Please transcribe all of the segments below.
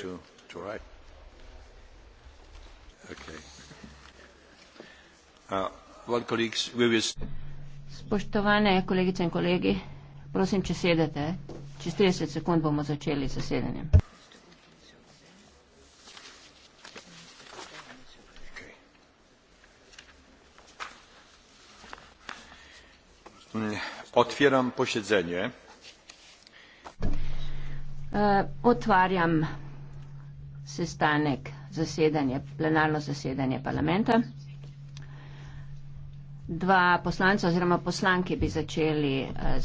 to to write. Okay. Uh, well, colleagues, we will... Spoštovane kolegice in kolegi, prosim, če sedete, čez 30 sekund bomo začeli zasedanjem. Odpiram posedzenje. Uh, e, otvarjam sestanek, zasedanje, plenarno zasedanje parlamenta. Dva poslanca oziroma poslanke bi začeli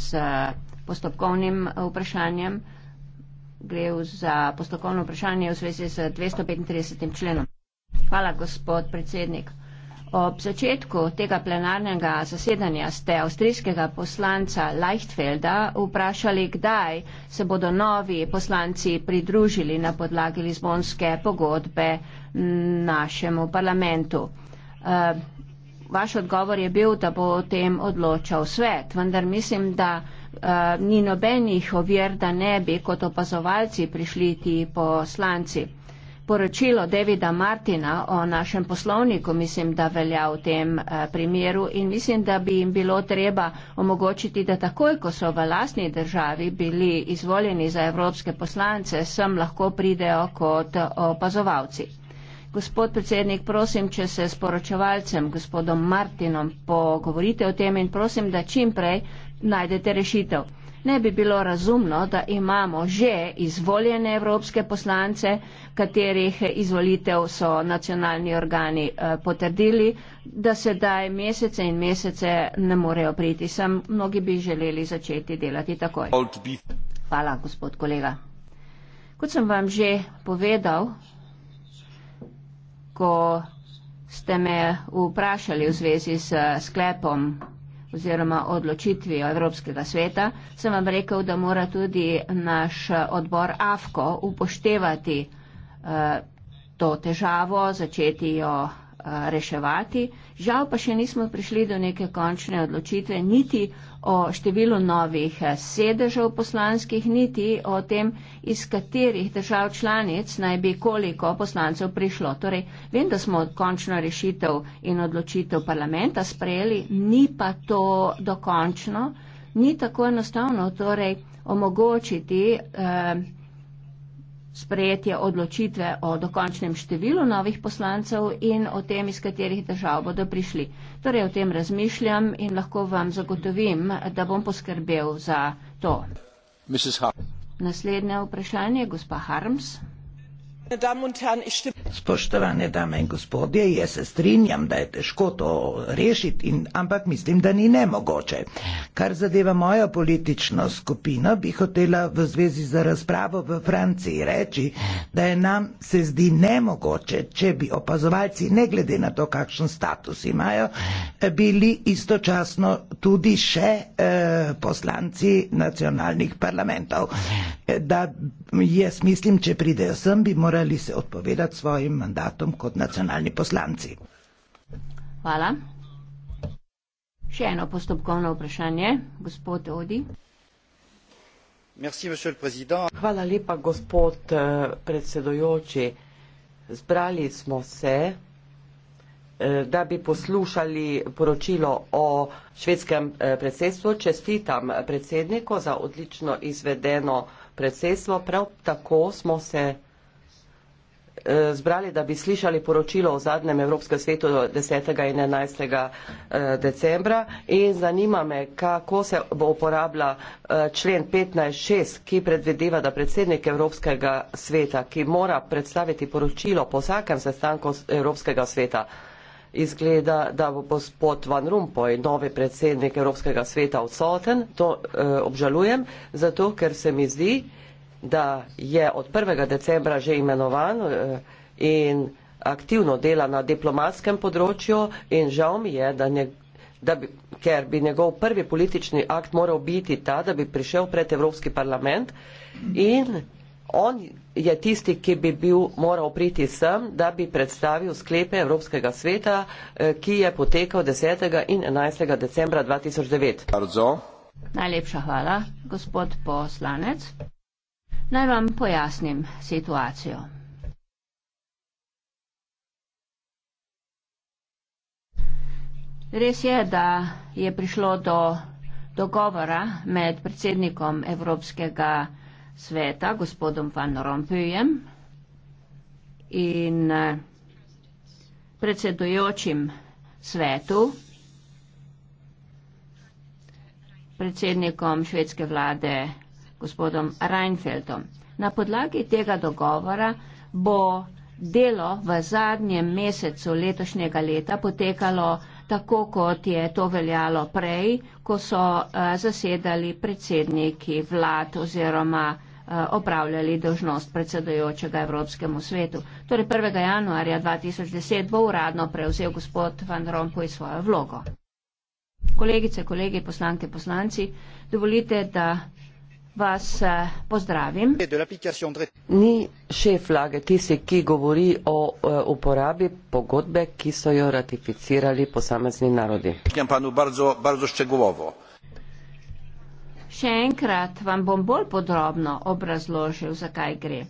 z eh, postopkovnim eh, vprašanjem. Gre za postopkovno vprašanje v svezi z 235. členom. Hvala, gospod predsednik. Ob začetku tega plenarnega zasedanja ste avstrijskega poslanca Leichtfelda vprašali, kdaj se bodo novi poslanci pridružili na podlagi Lizbonske pogodbe našemu parlamentu. Eh, vaš odgovor je bil, da bo o tem odločal svet, vendar mislim, da eh, ni nobenih ovir, da ne bi kot opazovalci prišli ti poslanci poročilo Davida Martina o našem poslovniku, mislim, da velja v tem eh, primeru in mislim, da bi jim bilo treba omogočiti, da takoj, ko so v lasni državi bili izvoljeni za evropske poslance, sem lahko pridejo kot opazovalci. Gospod predsednik, prosim, če se s poročevalcem, gospodom Martinom, pogovorite o tem in prosim, da čim prej najdete rešitev ne bi bilo razumno, da imamo že izvoljene evropske poslance, katerih izvolitev so nacionalni organi eh, potrdili, da sedaj mesece in mesece ne morejo priti sem. Mnogi bi želeli začeti delati takoj. Hvala, gospod kolega. Kot sem vam že povedal, ko ste me vprašali v zvezi s sklepom oziroma odločitvijo Evropskega sveta, sem vam rekel, da mora tudi naš odbor AFKO upoštevati uh, to težavo, začeti jo reševati. Žal pa še nismo prišli do neke končne odločitve niti o številu novih sedežev poslanskih, niti o tem, iz katerih držav članic naj bi koliko poslancev prišlo. Torej, vem, da smo končno rešitev in odločitev parlamenta sprejeli, ni pa to dokončno, ni tako enostavno torej, omogočiti. Eh, sprejetje odločitve o dokončnem številu novih poslancev in o tem, iz katerih držav bodo prišli. Torej, o tem razmišljam in lahko vam zagotovim, da bom poskrbel za to. Naslednje vprašanje, gospa Harms. Spoštovane dame in gospodje, jaz se strinjam, da je težko to rešiti, in, ampak mislim, da ni nemogoče. Kar zadeva mojo politično skupino, bi hotela v zvezi z razpravo v Franciji reči, da je nam se zdi nemogoče, če bi opazovalci, ne glede na to, kakšen status imajo, bili istočasno tudi še eh, poslanci nacionalnih parlamentov. Da jaz mislim, če pridejo sem, bi morali morali se odpovedati svojim mandatom kot nacionalni poslanci. Hvala. Še eno postopkovno vprašanje, gospod Odi. Merci, Hvala lepa, gospod eh, predsedojoči. Zbrali smo se, eh, da bi poslušali poročilo o švedskem eh, predsedstvu. Čestitam predsedniku za odlično izvedeno predsedstvo. Prav tako smo se Eh, zbrali, da bi slišali poročilo o zadnjem Evropskem svetu 10. in 11. Eh, decembra in zanima me, kako se bo uporablja eh, člen 15.6, ki predvedeva, da predsednik Evropskega sveta, ki mora predstaviti poročilo po vsakem sestanku Evropskega sveta, izgleda, da bo gospod Van Rumpoj, novi predsednik Evropskega sveta, odsoten, to eh, obžalujem, zato ker se mi zdi, da je od 1. decembra že imenovan eh, in aktivno dela na diplomatskem področju in žal mi je, da ne, da bi, ker bi njegov prvi politični akt moral biti ta, da bi prišel pred Evropski parlament in on je tisti, ki bi bil, moral priti sem, da bi predstavil sklepe Evropskega sveta, eh, ki je potekal 10. in 11. decembra 2009. Arzo. Najlepša hvala, gospod poslanec. Naj vam pojasnim situacijo. Res je, da je prišlo do dogovora med predsednikom Evropskega sveta, gospodom Van Rompuyem, in eh, predsedujočim svetu, predsednikom švedske vlade Rompuyem, gospodom Reinfeldom. Na podlagi tega dogovora bo delo v zadnjem mesecu letošnjega leta potekalo tako, kot je to veljalo prej, ko so eh, zasedali predsedniki vlad oziroma eh, opravljali dožnost predsedojočega Evropskemu svetu. Torej 1. januarja 2010 bo uradno prevzel gospod Van Rompuy svojo vlogo. Kolegice, kolegi, poslanke, poslanci, dovolite, da vas eh, pozdravim. Ni šef vlage tisti, ki govori o eh, uporabi pogodbe, ki so jo ratificirali posamezni narodi. Še enkrat vam bom bolj podrobno obrazložil, zakaj gre.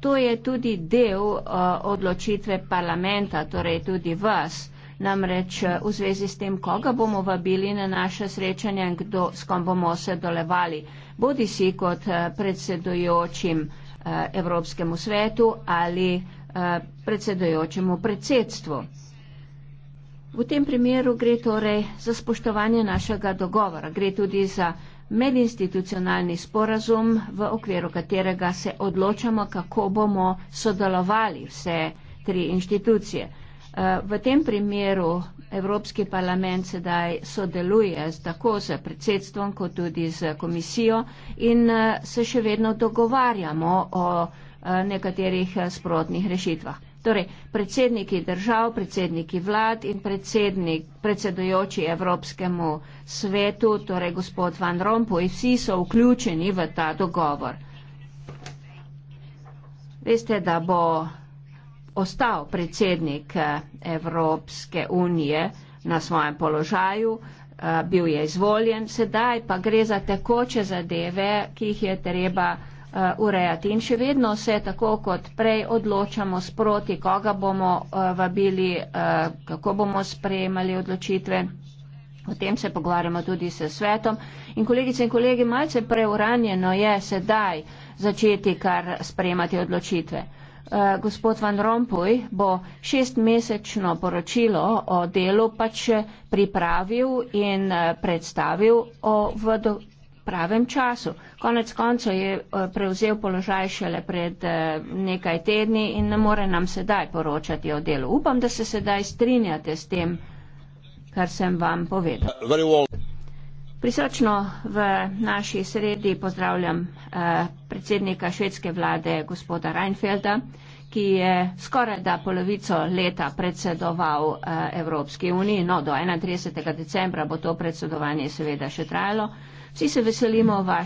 To je tudi del eh, odločitve parlamenta, torej tudi vas, Namreč eh, v zvezi s tem, koga bomo vabili na naše srečanje in kdo, s kom bomo se dolevali, bodi si kot eh, predsedujočim eh, Evropskemu svetu ali predsedujočemu predsedstvu. V tem primeru gre torej za spoštovanje našega dogovora. Gre tudi za medinstitucionalni sporazum, v okviru katerega se odločamo, kako bomo sodelovali vse tri inštitucije. Eh, v tem primeru Evropski parlament sedaj sodeluje tako z predsedstvom, kot tudi z komisijo in eh, se še vedno dogovarjamo o eh, nekaterih sprotnih rešitvah. Torej, predsedniki držav, predsedniki vlad in predsednik, predsedujoči Evropskemu svetu, torej gospod Van Rompuy, vsi so vključeni v ta dogovor. Veste, da bo ostal predsednik eh, Evropske unije na svojem položaju, eh, bil je izvoljen, sedaj pa gre za tekoče zadeve, ki jih je treba eh, urejati. In še vedno se tako kot prej odločamo sproti, koga bomo vabili, kako bomo sprejemali odločitve. O tem se pogovarjamo tudi s svetom. In kolegice in kolegi, malce preuranjeno je sedaj začeti kar sprejemati odločitve. Eh, gospod Van Rompuy bo šestmesečno poročilo o delu pač pripravil in eh, predstavil v pravem času. Konec koncev je eh, prevzel položaj šele pred nekaj tedni in ne more nam sedaj poročati o delu. Upam, da se sedaj strinjate s tem, kar sem vam povedal. Uh, Prisrčno v naši sredi pozdravljam eh, predsednika švedske vlade gospoda Reinfelda, ki je skoraj da polovico leta predsedoval eh, Evropski uniji. No, do 31. decembra bo to predsedovanje seveda še trajalo. Vsi se veselimo vaš